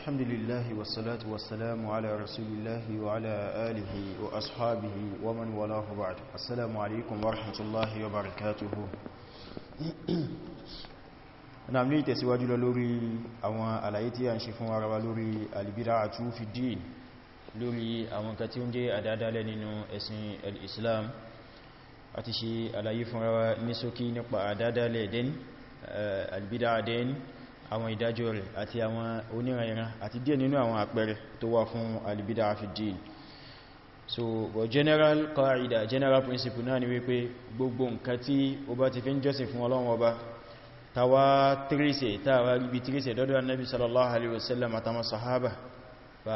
الحمد لله والصلاة والسلام على رسول الله وعلى آله وأصحابه ومن ولاه بعد السلام عليكم ورحمة الله وبركاته نعم لي تسواج لوري أو ألايتي أن شفوا روا لوري البدعة في الدين لوري أوان كتيون جي أدادا لنينو اسم الإسلام أتشي ألايفوا روا نسوكي نقبع أدادا لدين البدعة دين àwọn ìdájọ́ rẹ̀ àti àwọn oníranran àti díẹ̀ nínú àwọn àpẹẹrẹ tó wà fún alìbídà àfidín so but general qaida general principle náà ni wípé gbogbo nǹkan tí ó bá ti fi ń jọ́sìn fún ọlọ́run ọba tawa e, tírísẹ̀ tàwà ríbi tírísẹ̀ e dọ́dọ̀ annabi sallallahu alaihi wasallam àtàwọn sahaba fa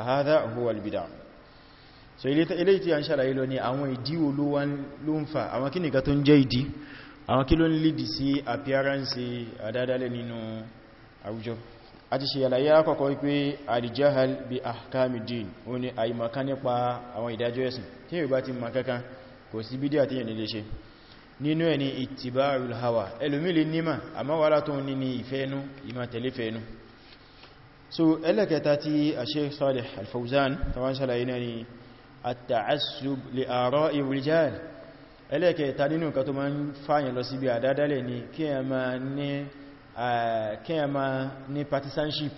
huwa albidaa so ilé tí a ń ṣàlàyé lọ ni àwọn ìdí olówá ló ń fa àwọn kí nìkan tó ń jẹ́ ìdí àwọn àwùjọ a ti ṣe àlàyé àkọ́kọ́ wípé alijahal bi ahkami din o ni àìmọ̀ká nípa àwọn ìdájọ́ ẹ̀sìn tí yóò bá ti mọ̀ kankan kò sí bídí àti yẹn nílé ṣe nínú ẹni ittiba'ul hawa ẹlòmílì níma àmáwàlá tó ní ní ìfẹ́ẹnú ìmọ̀ tẹ̀lé fẹ́ẹnú so ẹlẹ́kẹta tí Sheikh Salih Al-Fawzan tàwọn ni at-ta'assub li ara'i ẹlẹ́kẹta nínú nǹkan tó máa ń fàyàn lọ síbi àdádálẹ̀ ni kí ẹ máa ní Eh, kíyàn ma ní partisanship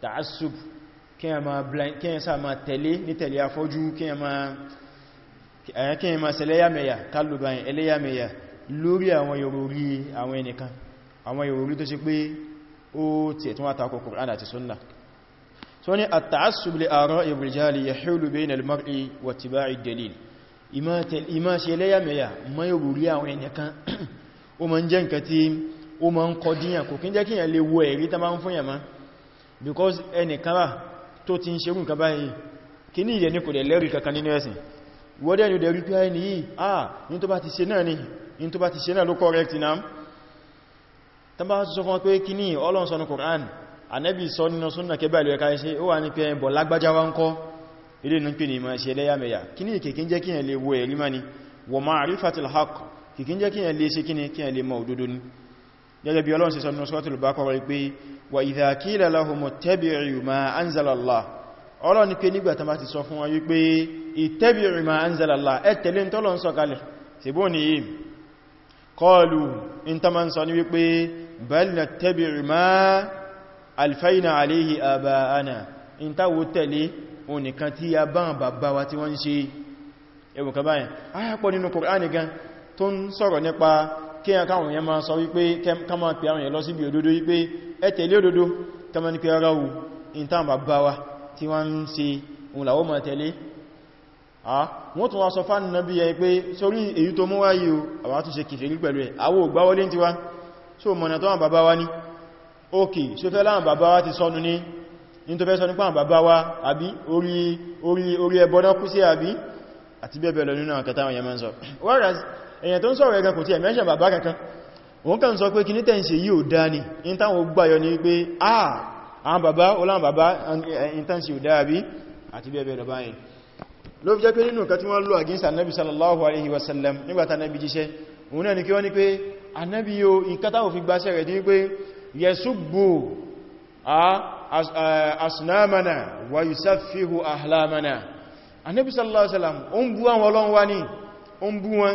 ta'assub kíyàn ma blind kíyàn sá ma tẹ̀lé ní tẹ̀lé afọ́jú kíyàn ma eh, ṣẹlẹ́yàmẹ̀yà kálùbáyìn ẹlẹ́yàmẹ̀yà lórí àwọn yorùrí àwọn ẹnìkan àwọn yorùrí tó ṣe pé ó tẹ̀ tún àtakò Kùránì àti súnnà tó ní at-ta'assub li ara'i ó ma ń kọ díyàn kò kí jẹ́ kí yàn lè wo ẹ̀rí tán ń fún yàn má because ẹnìkan rà tó ti ń ṣerú nǹkan báyìí kí ní ìyẹ̀ ní kò dẹ̀ lẹ́rí kankan nínú ẹ̀sìn wọ́dẹ̀ ni dẹ̀ ah ní tó bá ti ṣe náà ni ní tó bá ti ṣe náà ló correct náà kí ní Qur'an Ànábì sọ nínú súnnà kẹbà ìlú ẹ̀ka iṣẹ́ ó wà ní pé ẹbọ̀ lágbájá wá ń kọ́ ilé ní pè ní ìmọ̀ ṣe lẹ́yàmẹ̀yà kí jẹ́ kí yẹn lè mani wa ma'rifatil haqq kìkí ṣe kí ni kí yẹn lè mọ̀ òdodo ni gẹ́gẹ́ bí Ọlọ́run ṣe sọ nínú suratul Baqarah rí pé wa idha qila lahumu ittabi'u ma anzala Allah Ọlọ́run pé nígbà tán bá ti sọ fún wọn wípé ittabi'u ma anzala Allah ẹ tẹ̀lé ń tọ́lọ́run sọ kalẹ̀ síbò ní yìí qalu in ta ma ń sọ ní wípé bal nattabi'u ma alfayna tó ń sọ̀rọ̀ nípa kí ẹn káwọn yẹn máa sọ wípé kọmọ pẹ àwọn yẹn lọ síbi òdodo wípé ẹ tẹ̀lé òdodo kọmọ ní pé ara wù ìntàn bàbá wa tí wọ́n ń ṣe òun làwọ́ máa tẹ̀lé wọ́n tún wá sọ fánà náà pé so mọ̀nà tó wọ́n bàbá wa ní òkè so fẹ́ láwọn bàbá wa ti sọnù ní ní tó fẹ́ sọ nípa bàbá wa àbí èyàn tó ń sọ̀rọ̀ ẹgbẹ̀ kò tí ẹ̀mẹ́ṣẹ̀ bàbá kankan wọ́n kàn sọ pé kí ní tẹ́ǹṣe yìí ò dá ní in táwọn gbáyọ ní pé ah àwọn bàbá oláwọn bàbá in wasallam nígbàtà nabi jíṣẹ́ òun náà ni kí wọ́n ní pé anábi yo nǹkan táwọn fi gbáṣẹ́ rẹ̀ ní pé yẹsùgbò asnamana wa ń bú wọn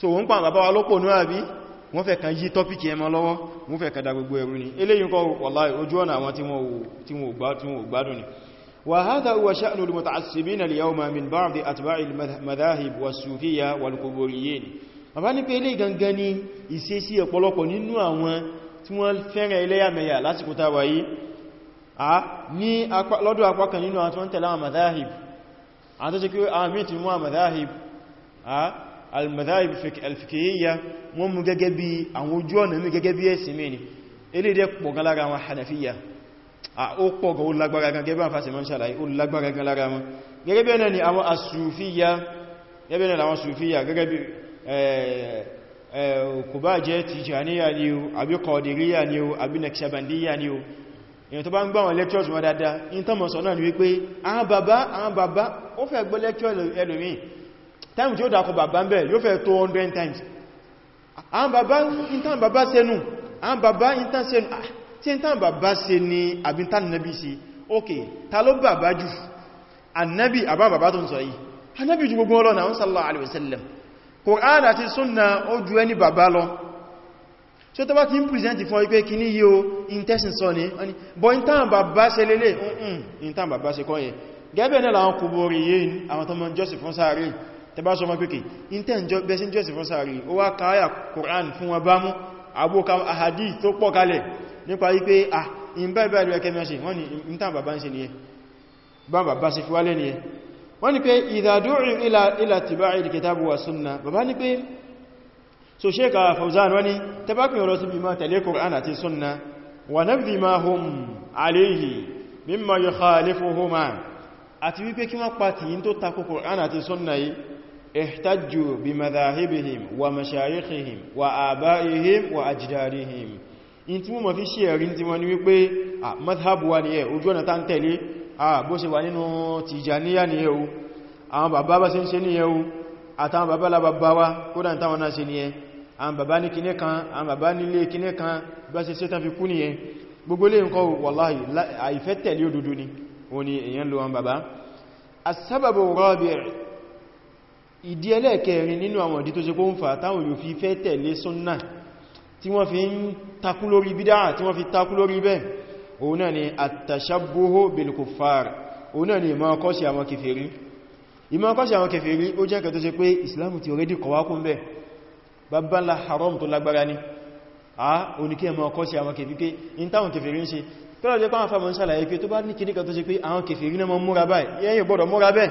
so wọ́n pa bàbá wa lọ́pọ̀ náà wọ́n fẹ́ kan yí tọ́pìkì ẹmọ lọ́wọ́ wọ́n fẹ́ kan gbogbo ẹrú ni eléyìn kọ́ wàláhì ojú ọ̀nà àwọn tí wọ́n gbádùn ni وهذا هو شأن المتعصبين اليوم من بعض أتباع المذاهب والصوفية والقبوريين bàbá ní pé ilé gangan ni ìṣesí ọ̀pọ̀lọpọ̀ nínú àwọn tí wọ́n fẹ́rẹ̀ ẹlẹ́yàmẹ̀yà lásìkò tá a wà yìí a ní lọ́dọ̀ apákan nínú àwọn tí wọ́n al-madhaib al-fiqhiyya wọ́n mú gẹ́gẹ́ bí àwọn ojú ọ̀nà mí gẹ́gẹ́ bí ẹ̀sìn mí ni ilé dẹ́ pọ̀ gan lára wọn hanafiyya ó pọ̀ gan ó lágbára gan gẹ́gẹ́ bá fásitì mọ́ ṣàlàyé ó lágbára gan lára wọn gẹ́gẹ́ bí ẹ̀nà ni àwọn asùfíyà gẹ́gẹ́ bí kò bá jẹ́ tìjàníyà ni time tí ó dákọ bàbá ń bẹ̀ yóò fẹ́ tó 100 times àwọn bàbá intan bàbá sẹ́nu àwọn bàbá intan sẹ́nu tí intan bàbá se ni àbíntan nabi sí ok ta ló bàbá jù annabi àbá bàbá tó ń sọ yìí annabi jù gbogbo ọlọ́nà àwọn sallallahu alaihi wasallam Qur'an àti sunna ó ju ẹni bàbá lọ tí ó tó bá ti ń present fún ipé kí ní yíò intestine sọ ní bọ́ intan bàbá se lélẹ̀ intan bàbá se kọ́ yẹ gẹ́bẹ̀ náà àwọn kòbòrò yìí àwọn tó jọ́sì fún sáré tẹbá sọ mọ́kíkì intẹ́ bẹ́sí jọ́sì fún sáàrí ó wá káyà Kùránì fún wọn bá mú àbúkà àhàdí tó pọ̀ kalẹ̀ nípa wípé à ìbẹ̀rẹ̀ ẹkẹmẹ́ṣe wọ́n ni ìntàn bàbá ń ṣe nìyẹn bàbá sí fi wálẹ̀ nìyẹn wọ́n ni pé ìdàdúrù ilà tìbáì kìtàbù wà súnnà bàbá ni pé so ṣéka Fawzan wani tẹbápin ọ̀rọ̀ sí bí ma tẹ̀lé Kùránì àti súnnà wà nabdhi ma احتجوا بمذاهبهم ومشايخهم وآبائهم وأجدادهم in tí mú mọ̀ fi ṣe ẹ̀rí tí wọ́n ní wípé ah madhab wa ni ẹ̀ ojú ọ̀nà tá ń tẹ̀lé ah bó ṣe wà nínú Tìjàníyà ni ẹ̀ o àwọn bàbá bá ṣe ń ṣe ní ẹ̀ o àtàwọn bàbá lábàbá wa kódà táwọn náà ṣe ní ẹ̀ àwọn bàbá ní kiní kan àwọn bàbá nílé kiní kan bá ṣe ṣe tán fi kú ní ẹ̀ gbogbo lè nǹkan wàláhì àìfẹ́ tẹ̀lé òdodo ni òun ni èèyàn lo wọn bàbá asábàbò rọ́bìrì ìdí ẹlẹ́ẹ̀kẹrin nínú àwọn ìdí tó ṣe kó ń fà táwọn yóò fi fẹ́ tẹ̀lé súnnà tí wọ́n fi ń takú lórí bídá tí wọ́n fi takú lórí bẹ́ẹ̀ òun náà ni àtàṣàbóhó belkufar Islam ti already kọwákún bẹ́ẹ̀ haram tó lágbára ni a oníkẹ́ ìmọ̀ kọ́sí àwọn kèfèrí in táwọn kèfèrí ń ṣe tọ́lọ̀ jẹ́ pàwọn fàmọ́ ń ṣàlàyé pé tó bá ní kìníkà tó ṣe pé àwọn kèfèrí náà mọ́ múra báyìí yẹ́yìn gbọ́dọ̀ múra bẹ́ẹ̀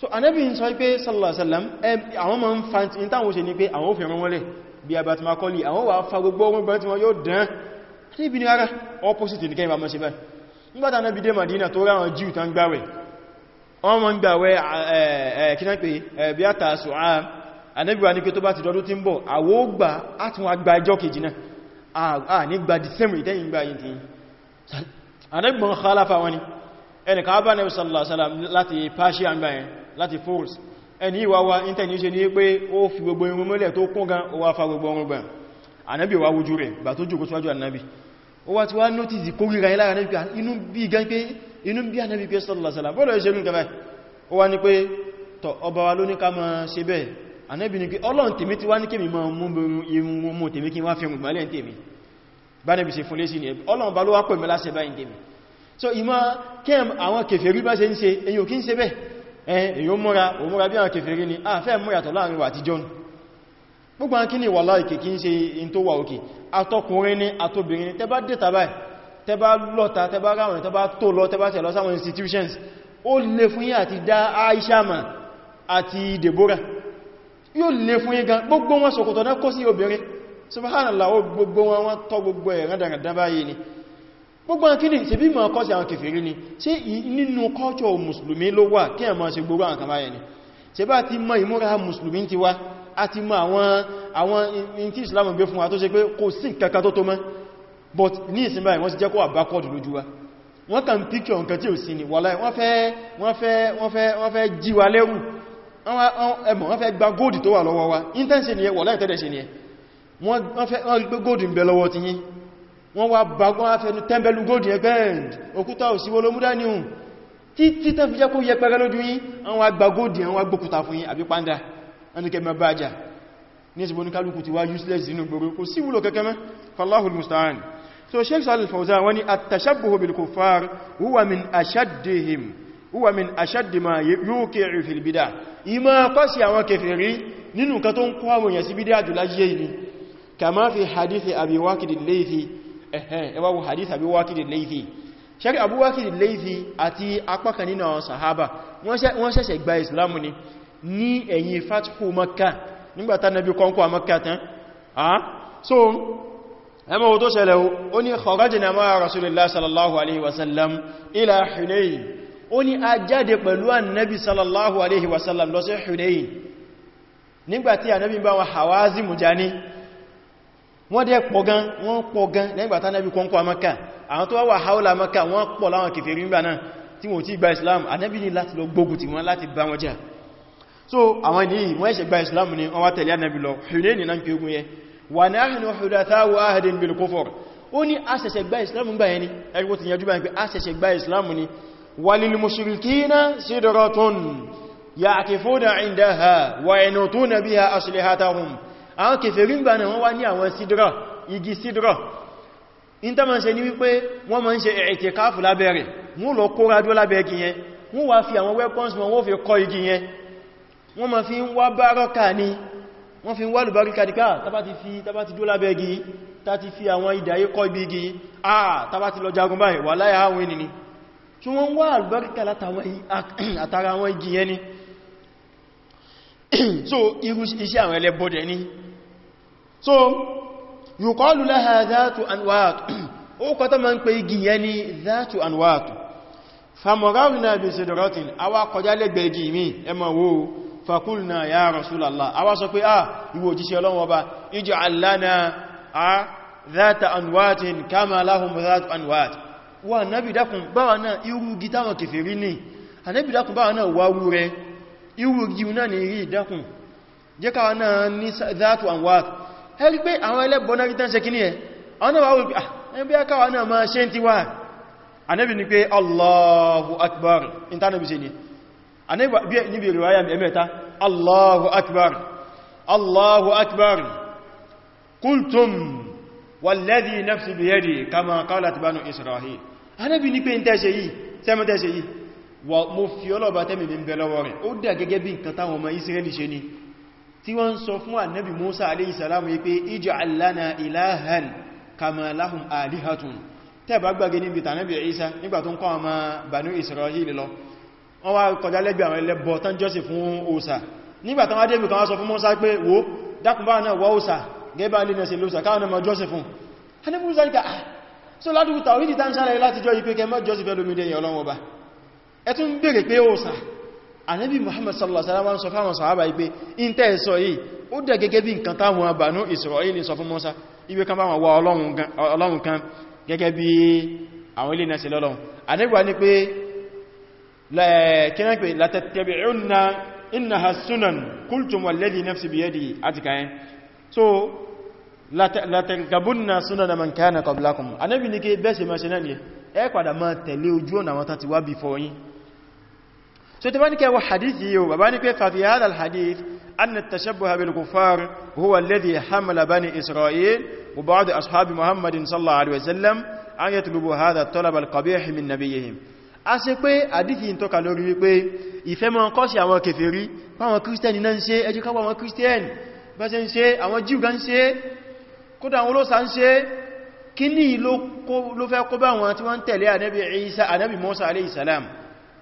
so anabi n sọ pé sallallahu alaihi wasallam àwọn ma ń fa ní táwọn ṣe ní pé àwọn òfin wọn lẹ̀ bí a bá ti ma kọ́ ní àwọn wà fa gbogbo ọgbọ̀n bá ti wọn yóò dán níbi ní ara opposite ní kẹ́yìn bá mọ́ sí báyìí nígbàtà anabi dé Madina tó ráwọn Júù tán gbáwẹ̀ wọ́n mọ́ ẹnìkan bá nẹ́bí sallallahu alaihi wasallam láti persia gbà yẹn láti falls ẹni ìwà wa intanet ṣe ní pé ó fi gbogbo irun mọ́lẹ̀ tó kún gan ó wá fa gbogbo ọrùn gbà ànábì wá wojú rẹ̀ bà tó jòkó síwájú ànábì ó wá ti wá nọ́tìsì kórìíra ilára ànábì ah, inú bí gan pé inú bí ànábì pé sallallahu alaihi wasallam bọ́lọ̀ ìṣẹ́lú nǹkan báyìí ó wá ní pé tọ ọba wa ló ní ká máa ṣe bẹ́ẹ̀ so ima kẹ́m àwọn kèfèrí bá ṣe ń ṣe èyàn kí ń ṣe bẹ́ èyàn múra o múra bí àwọn kèfèrí ni a fẹ́ múra tọ̀ láàrin wà tí john gbogbo àwọn kíni wà láìkè kí ń ṣe in tó wà òkè atọkùnrin ni atóbìnrin ni tẹbá dẹ̀ta báyìí tẹbá lọ́ta tẹbá ráwọn tẹbá tó lọ tẹbá tẹ̀ lọ sáwọn institutions O lè fún yín àti dá Aisha mà ati debora. Yo lè fún yín gan gbogbo wọn ṣòkòtò náà kó sí obìnrin subhanallah ó gbogbo wọn wọn tọ́ gbogbo ẹ̀rẹ́dàrẹ̀dá báyìí ni gbogbo akíní ṣe bí ma kọ́ sí àwọn kèfèrí ni ṣe nínú kọ́ọ̀tọ̀ mùsùlùmí ló wà kí a máa ṣe gbogbo àwọn kàmáyẹ ni ṣe bá ti mọ ìmúra mùsùlùmí ti wá a ti mọ àwọn àwọn in tí islamu gbé fún wa tó ṣe pé kò sí kankan tó tó mọ́ but ní ìsinmi báyìí wọ́n ti jẹ́ kó àbákọ́dù lójú wa wọ́n kàn píkẹ̀ nǹkan tí ni wàláì wọ́n fẹ́ wọ́n fẹ́ wọ́n fẹ́ wọ́n fẹ́ jí wa lẹ́rù ẹmọ̀ wọ́n fẹ́ gba góòdù tó wà lọ́wọ́ wa intense ni ẹ wàláì tẹ́lẹ̀ ṣe ni ẹ wọ́n fẹ́ wọ́n wọ́n wá bàgbọ́n afẹnu tẹ́mbẹ̀lú gold ẹgbẹ́nd òkúta òsíwò ló múdá ní ohun títí tán fi jẹ́ kó yẹ pẹ́rẹ́ lójú yí àwọn agbà gold àwọn agbókúta fún yí àbí panda ẹnukẹ́ useless nínú gbogbo kò sí wúlò musta'an so sheikh salih fawzan wani at-tashabbuh huwa min ashaddihim huwa min ashaddi ma yuqi'u fil bid'ah ima qasi àwọn kèfèrí nínú kan tó ń kó àwọn kama fi hadithi abi waqid al ẹ̀hẹ́n ẹ wá wo hadith Abu Waqid al-Laythi ṣẹ́rí Abu Waqid al-Laythi àti apákan nínú àwọn sahaba wọ́n ṣẹ̀ṣẹ̀ gba Islam ni ní ẹ̀yìn fathu Makkah nígbàtá nabi kọ́nkọ́ Makkah tán so ẹmọ wo tó ṣẹlẹ̀ ó ní kharajna ma'a rasulillah sallallahu alaihi wasallam ila Hunayn ó ní a jáde pẹ̀lú annabi sallallahu alaihi wasallam lọ sí Hunayn nígbàtí annabi bá wọn Hawazimu jani wọ́n dẹ̀ pọ̀ gan wọ́n pọ̀ gan lẹ́gbàtà nẹ́bí kọ́nkọ́ amaka àwọn tó wà haúlà amaka wọ́n pọ̀ láwọn kèfèrí ńgbà náà tí wọ́n ti gba Islam anẹ́bí ní láti lọ gbógun ti wọ́n láti bá wọn jà so àwọn ní wọ́n ẹ̀ṣẹ̀ gba Islam ní wọ́n wá tẹ̀lé anẹ́bí lọ Hunayn náà kí ogun yẹ wà nahnu hudathawu ahdin bil kufr ó ní àṣẹ̀ṣẹ̀ gba Islam gbà yẹn ni ẹgbẹ́ ti yanjú báyìí pé àṣẹ̀ṣẹ̀ gba Islam àwọn kèfèrí ń gbà náà wọ́n wá ní àwọn sídúrà igi sídúrà in ta ma ń ṣe ní wípé wọ́n ma ń ṣe ẹ̀ẹ̀tẹ̀káàfù lábẹ́rẹ̀ wọ́n lọ kó rádó lábẹ́ igi yẹn wọ́n wá fi àwọn weapons wọn wọ́n fi kọ igi yẹn wọ́n ma fi ń wá àwọn igi ah tàbá ti lọ jagun báyìí wà láyà àwọn ènìyàn tí wọ́n wá lùbáríkà látara yẹn ni so irú iṣẹ́ àwọn ẹlẹ́bọ̀dẹ̀ ni so yuqalu laha dhatu anwaatu ó kọta ma ń pe igi yẹn ni dhatu anwaatu famorarina bi sidratin awa kọjá lẹ́gbẹ̀ẹ́ igi mi ẹmọ wo fakulna ya rasulallah awa sọ pé ah ìwò òjíṣẹ́ Ọlọ́run Ọba ij'al lana a dhata anwaatin kama lahum dhatu anwaat wa nabi dákun báwa náà irú igi táwọn kèfèrí ní anabi dákun báwa náà wá rú rẹ irú igi náà ni rí dákun jẹ́ káwa náà ní dhatu anwaat ẹ̀rí pé àwọn ẹlẹ́bọ̀nà rí tán ṣe kí ní ẹ̀ àwọn náà wà wípé ah, ẹ̀bí akáwà náà máa ṣe ń ti wà anẹ́bì ní pé allahu akbar intanẹ́bì ṣe ní anẹ́bì níbi ìrìwáyà mẹ́ta allahu akbar allahu akbar kultum walladhi nafsi biyadi kama qalat banu isra'il anẹ́bì ní pé tẹ́ṣe yìí tẹ́mọ́ tẹ́ṣe yìí tí wọ́n sọ fún annabi musa alayhi salamu yí pé ij'al lana ilahan kama lahum alihatun tẹ́bà gbàgbé níbi tànábì isa nígbà tó ń kọ́ ọmọ banu israeli lọ wọ́n wá kọjá lẹ́gbẹ̀ àwọn ẹlẹ́bọ̀ tán jọ́sìn fún òsà nígbà tán wá débì kan wá sọ fún musa pé wo dákùnbá náà wá òsà gẹ́bà lè nà sí lóòsà káwọn ọmọ jọ́sìn fún annabi ah, anabi muhammad sallallahu alaihi wasallam sọ fáwọn sàhábà ipe in tẹ́ sọ yìí ó dẹ̀ gẹ́gẹ́ bí nǹkan táwọn àbànú israeli sọ fún mọ́sá ibi kan báwọn wá ọlọ́run kan gẹ́gẹ́ bí àwọn ilé nẹ́sẹ̀ lọ́lọ́run anabi wá ní pé kínápé latattabi'unna innaha sunan qultum nafsi biyadihi àti kayan so latarkabunna sunana man kana qablakum anabi ní kí bẹ́ẹ̀ sì máa ṣe náà ni ẹ padà máa tẹ̀lé ojú ọ̀nà àwọn tàti wá bí fọ́yín so tó bá ní kẹwàá hadith yíò bàbá ní pé fàfí hádà hadith an na tashabbuha bil kufar huwa alladhi hamala bani isra'il wa ba'd ashabi muhammadin sallallahu alaihi wasallam an yatlubu hádà talab al qabih min nabiyihim a ṣe pé hadith yìí ń tọ́ka lórí wípé ìfẹ́ mọ́ kọ́ sí àwọn kèfèrí fáwọn kírísítẹ́nì náà ń ṣe ẹjú káwọn àwọn kírísítẹ́nì bá ṣe ń ṣe àwọn jíù gan ṣe kódà àwọn olóòsà ń ṣe kí ní ló fẹ́ kó bá wọn tí wọ́n tẹ̀lé ànábì Isa ànábì Musa alayhi salam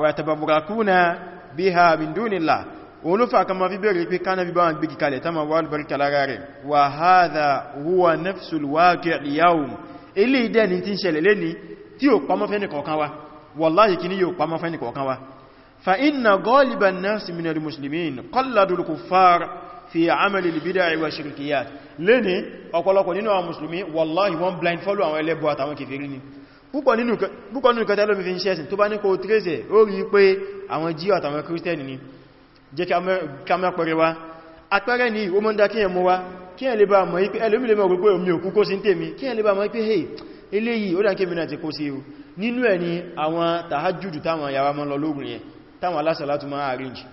ويتبركون بها من دون الله ولفا كما في بيري كان في بان بيجي كالي تما والبركه لاري وهذا هو نفس الواقع اليوم اللي ده ني تين شله لeni tí ó pamọ́ fẹ́ ni kọ̀ọ̀kan wa fi amal albid'a wa shirkiyat leni ọ̀pọ̀lọpọ̀ nínú àwọn muslimi wallahi wọ́n blind follow àwọn ẹlẹ́bọ àtàwọn kèfèrí ni púpọ̀ nínú kẹta lómi fi ń ṣẹ́sìn tó bá ní kò tírèsẹ̀ ó rí pé àwọn jíò àtàwọn kírísítẹ́nì ni jẹ́ kí a mẹ́ pẹ̀rẹ̀ wá àpẹẹrẹ ní o mọ́ ń dá kíyàn mọ́ wá kíyàn lè bá mọ̀ ipé lè bá mọ̀ ipé hey eléyìí ó dánkẹ́ mìíràn ti kó sí o nínú ẹ̀ ni àwọn tàhájùdù táwọn yàrá mọ́ lọ lóògùn yẹn táwọn alásàlátù máa arrange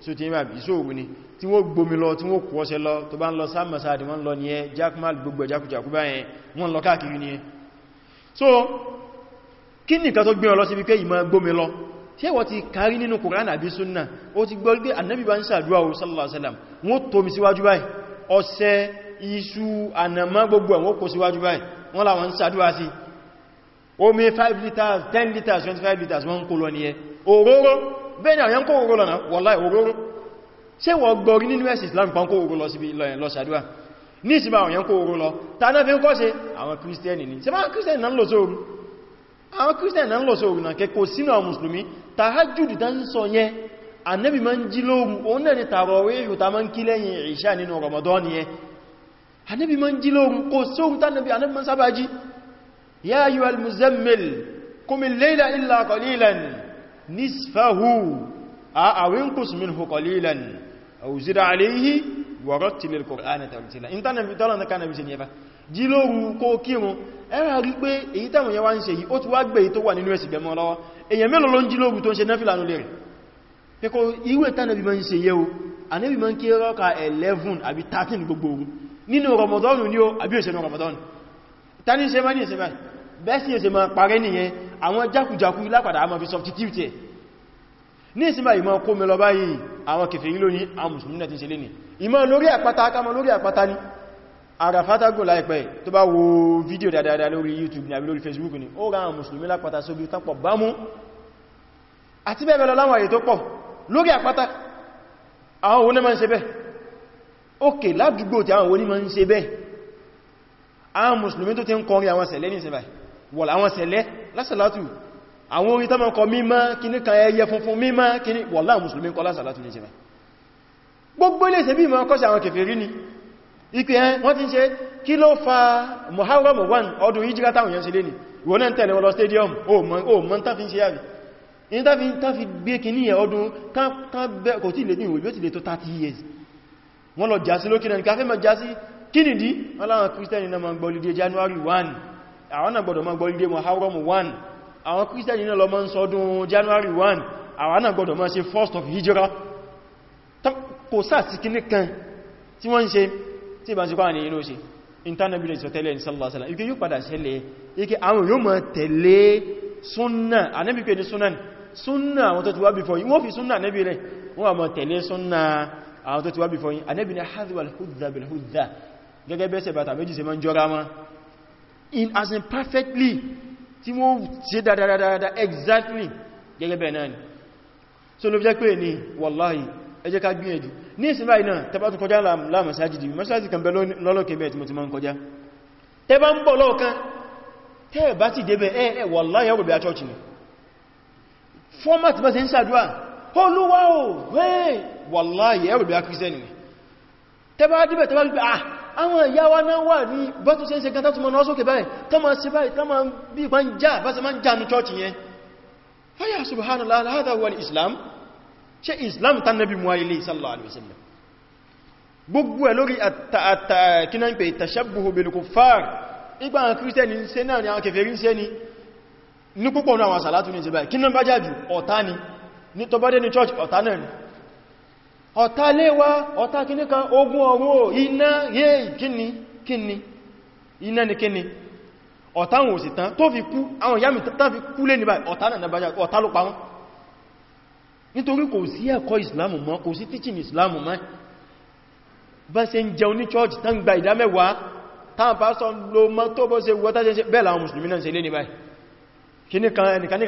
so ti ma bi so ogun ni tí wọ́n gbomi lọ tí wọ́n kú ọṣẹ lọ tó bá ń lọ sam masadi wọ́n lọ nìyẹn jackmal gbogbo ẹjakujaku báyẹn wọ́n lọ káàkiri nìyẹn so kí ni nǹkan tó gbé ọlọ síbi pé ìmọ̀ gbomi lọ ṣé wọ́n ti kárí nínú Qur'an àbí sunna ó ti gbọ́ pé annabi bá ń ṣàdúrà o sallallahu alaihi wasallam wọ́n tó mi síwájú báyìí ọṣẹ iṣu ànàmọ́ gbogbo àwọn kò síwájú báyìí wọ́n làwọn ń ṣàdúrà sí omi 5 litres 10 litres 25 litres wọ́n ń kó lọ nìyẹn òróró bẹ́ẹ̀ ni àyán kó oró lọ́nà wọ́lá oró ṣe wọ́n gbọ́rí nínú ẹ̀sì Islam pa ń kó oró lọ síbi lọ ṣàdúwà ní ìsinmi àwọn yẹn kó oró lọ tánà fi ń kọ́ ṣe àwọn kírísítẹ́nì ni ṣe máa kírísítẹ́nì náà lọ sóòrù àwọn kírísítẹ́nì náà lọ sóòrù náà kẹ́kọ́ sínú àwọn mùsùlùmí tàhájùdù tá muzammil qumil layla illa qalilan nisfahu àwín kùsùmín hukọlílan àwùzíra aléhì wọ̀rọ̀tìlì kòránì tàbítìlá ìntánàbí tọ́lọ̀nà kánàbí sí ni ẹfà jí lóòrù kó kírun ẹ̀rà rí pé èyí táwọn yẹwa ń ṣe yìí ó ti wá gbé tó wà nínú ẹ̀sì gbẹmọ́ lọ́wọ́ èyàn mélòó ló ń jí lóòrù tó ń ṣe náfìlà nú lérè pẹ́kọ́ irú ìtànàbí e ma ń ṣe yẹ́ o ànábì ma ń kí rọ́ka 11 àbí 13 gbogbo ogun àwọn jákùjákù lápàdà àmọ́ fi substitute ẹ̀ ní ìsinmá ìmọ̀ kó mẹ́lọ báyìí àwọn kèfèrí lóní àwọn musulmi náà ti ṣe lé ní ìmọ̀ lórí àpáta akámọ̀ lórí àpáta ní àràfátágò láìpẹ́ tó bá wo fídíò dáadáa youtube ní àbí lórí facebook ní ó ra àwọn musulmi lápáta sóbi tápọ̀ bámú àti bẹ́ẹ̀ bẹ́ẹ̀ láwọn àyè tó pọ̀ lórí àpáta àwọn oní ma ń ṣe bẹ́ẹ̀ ókè ládùúgbò tí àwọn oní ma ń wọ̀lá àwọn sẹ̀lẹ́ lásàlátù àwọn orí tánmà kọ mímá kíní kan ẹyẹ funfun mímá kíní wọ́lá musulmi kọ lásàlátù ní ṣe rẹ̀ gbogbo ilé ìsẹ̀bí ìmọ̀ ọkọ́sí àwọn kèfèrí ni ikú ẹ wọ́n ti ń ṣe kí ló fa Muharram 1 ọdún ìjírá stadium o mọ́ tán fi ń ṣe yàrí in tán fi gbé kíní ẹ̀ ọdún kò tí lè ní ìwòbí ó ti lè tó 30 years wọ́n lọ jásí lókínà ní káfẹ́ January 1 àwọn náà gbọdọ̀ máa gbọ́ ilé Muharram 1 àwọn kírísítẹ̀nì náà lọ máa ń sọdún January 1 àwọn náà gbọdọ̀ máa ṣe first of hijra kò sáà sí kíní kan tí wọ́n ń ṣe tí ìbá ń ṣe kọ́ àní inú ṣe intanabila ike yóò padà ṣẹlẹ̀ ike àwọn yóò máa tẹ̀lé súnnà anẹ́bípe ní súnnà before yín wọ́n fi súnnà anẹ́bí rẹ̀ wọ́n wà before yín anẹ́bí ni hadhihi al-hudhah bil-hudhah gẹ́gẹ́ bẹ́sẹ̀ bàtà méjì ṣe máa jọra wọn in as in perfectly tí wọ́n ṣe dáadáa exactly gẹ́gẹ́ bẹ̀ẹ̀ náà ni so ló jẹ́ pé ní wàláhì ẹ jẹ́ ká gbìyànjú ní ìsinmi àìná tẹbà tún kọjá láàmàsájìdì mọ́sílájì kan bẹ lọ́lọ́kẹ́ bẹ̀ẹ̀ tí mo ti máa ń kọjá tẹbà ń bọ̀ lọ́ọ̀kan tẹ́ bá ti débẹ̀ ẹ a chọ́ọ̀chì format bá ti ń sàdúwà olúwa ò wẹ́ wàláhì a kírísẹ́ni tẹbà débẹ̀ tẹbà ah àwọn ìyá wa náà wà ní bá tó ṣe ń ṣe gan tátùmọ̀ náà sókè báyìí tó máa ṣe báyìí tó máa bí ìpá ń já bá ṣe máa ń já ní chọ́ọ̀chì yẹn fáyà subhanallah hadha huwa al-islam ṣe islam tán nabi muhammad sallallahu alaihi wasallam gbogbo ẹ̀ lórí àtàkínánpẹ̀ tashabbuhu bil kuffar ìgbà àwọn kírísítẹ́nì ń ṣe náà ni àwọn kèfèrí ń ṣe ni ní púpọ̀ náà àwọn sàlátù ní ti báyìí kí náà bá jájú ọ̀tá ni ní tọbádé ní church ọ̀tá náà ọ̀tá léwá ọ̀tá kìíní kan ogun ọ̀rọ̀ iná yé kíni kíni iná ni kíni ọ̀tá wọn ò sì tán tó fi kú àwọn ìyá mi tán fi kú lé ní báyìí ọ̀tá náà bájá ọ̀tá ló pa wọ́n nítorí kò sí ẹ̀kọ́ ìsìlámù mọ́ kò sí teaching ìsìlámù mọ́ bá ṣe ń jẹun ní church tán gba ìdámẹ́wàá táwọn lo mọ́ tó bọ́ ṣe wọ́tá ṣe bẹ́ẹ̀ làwọn mùsùlùmí náà ṣe lé ní báyìí kìíní kan ẹnìkan ní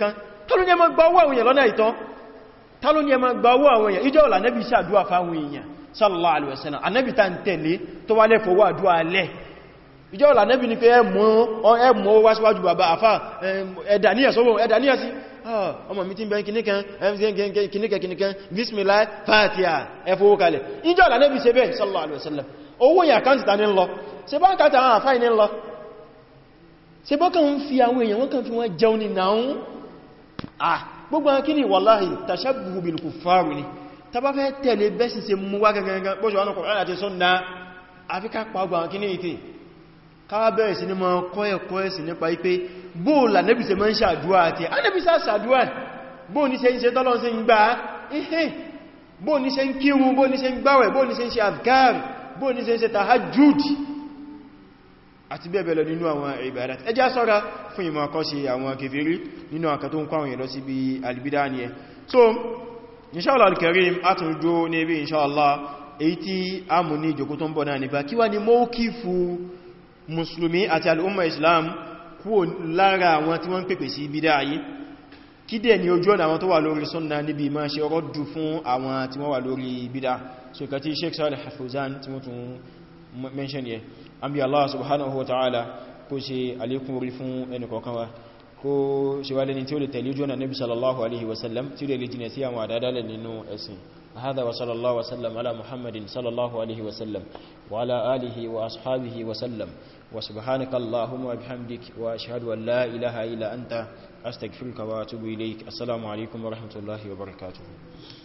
ká mọ́ ta ló ní ẹmọ gba owó àwọn èèyàn lọ́nà ìtọ́ ta ló ní ẹmọ gba owó àwọn èèyàn ìjọ́ ọ̀là sí àdúwà fáwọn èèyàn sallallahu alaihi wasallam anẹ́bí ta ń tẹ̀lé tó wá lẹ́fọwọ́ àdúwà lẹ́ ìjọ́ ọ̀là nẹ́bí ni pé ẹmọ wá síwájú bàbá àfá ẹ̀dàníyà sọ́wọ́ ẹ̀dàníyà sí ọmọ mi ti bẹ́ kìníkan kìníkan kìníkan bismillah fatiha ẹfowó kalẹ̀ ìjọ́ ọ̀là nẹ́bí ṣe bẹ́ẹ̀ sallallahu alaihi wasallam owó yà káǹtì ta ní lọ ṣe bá ń kàtà àwọn àfáì ní lọ ṣe fi àwọn èèyàn wọ́n kàn fi wọ́n jẹun ní náà ah gbogbo àwọn kíni wàláhì tashabbuhu bil kuffari ni ta bá fẹ́ tẹ̀lé bẹ́sì se mú wá gẹ́gẹ́gẹ́ bó ṣe wọ́n Kùránì àti Sunnah àfi ká pa ọgbà kíní ìtì káwà bẹ̀rẹ̀ sí ní mọ́ kọ́ ẹ̀kọ́ ẹ̀sì nípa ipé bóòlà nẹ́bì se mọ́ ń ṣàdúwà àti anẹ́bì sá ṣàdúwà bóò ní ṣe ń ṣe tọ́lọ́ sí ń gbá ihe bóò ní ṣe ń kírun bóò ní ṣe ń gbáwẹ̀ bóò ní ṣe ń ṣe adhkar bóò ní ṣe ń ṣe tahajjud àti bẹ́ẹ̀ lọ nínú àwọn ìbàdàtì ẹjá sọ́ra fún ìmọ̀ ọkọ́ sí àwọn kèfèrí nínú àkà tó ń kọ́ àwọn sí bí albidá ni ẹ so inṣáàlá alkarim a tún jó ní ibi inṣáàlá èyí tí a mú ní ìjòkó tó ń bọ̀ náà nípa kí islam kúrò lára àwọn tí wọ́n pèpè sí ni ojú ọ̀nà àwọn tó wà lórí sunna níbi ma ṣe rọ́dù fún àwọn so ìkàtí sheikh salih hafizan tí wọ́n tún mention yẹ ambi Allah subhanahu wa ta'ala kó ṣe alékún orí fún ẹni kọ̀ọ̀kan wa kó ṣe wá lẹ́ni tí ó lè tẹ̀lé jọ́nà nabi sallallahu alaihi wasallam tí ó lè jìnà sí àwọn àdádálẹ̀ nínú ẹ̀sìn هذا وصلى الله وسلم على محمد صلى الله wa وسلم وعلى آله وأصحابه bihamdik wa ashhadu an la ilaha illa anta astaghfiruka wa atubu وأتوب assalamu السلام wa rahmatullahi wa barakatuh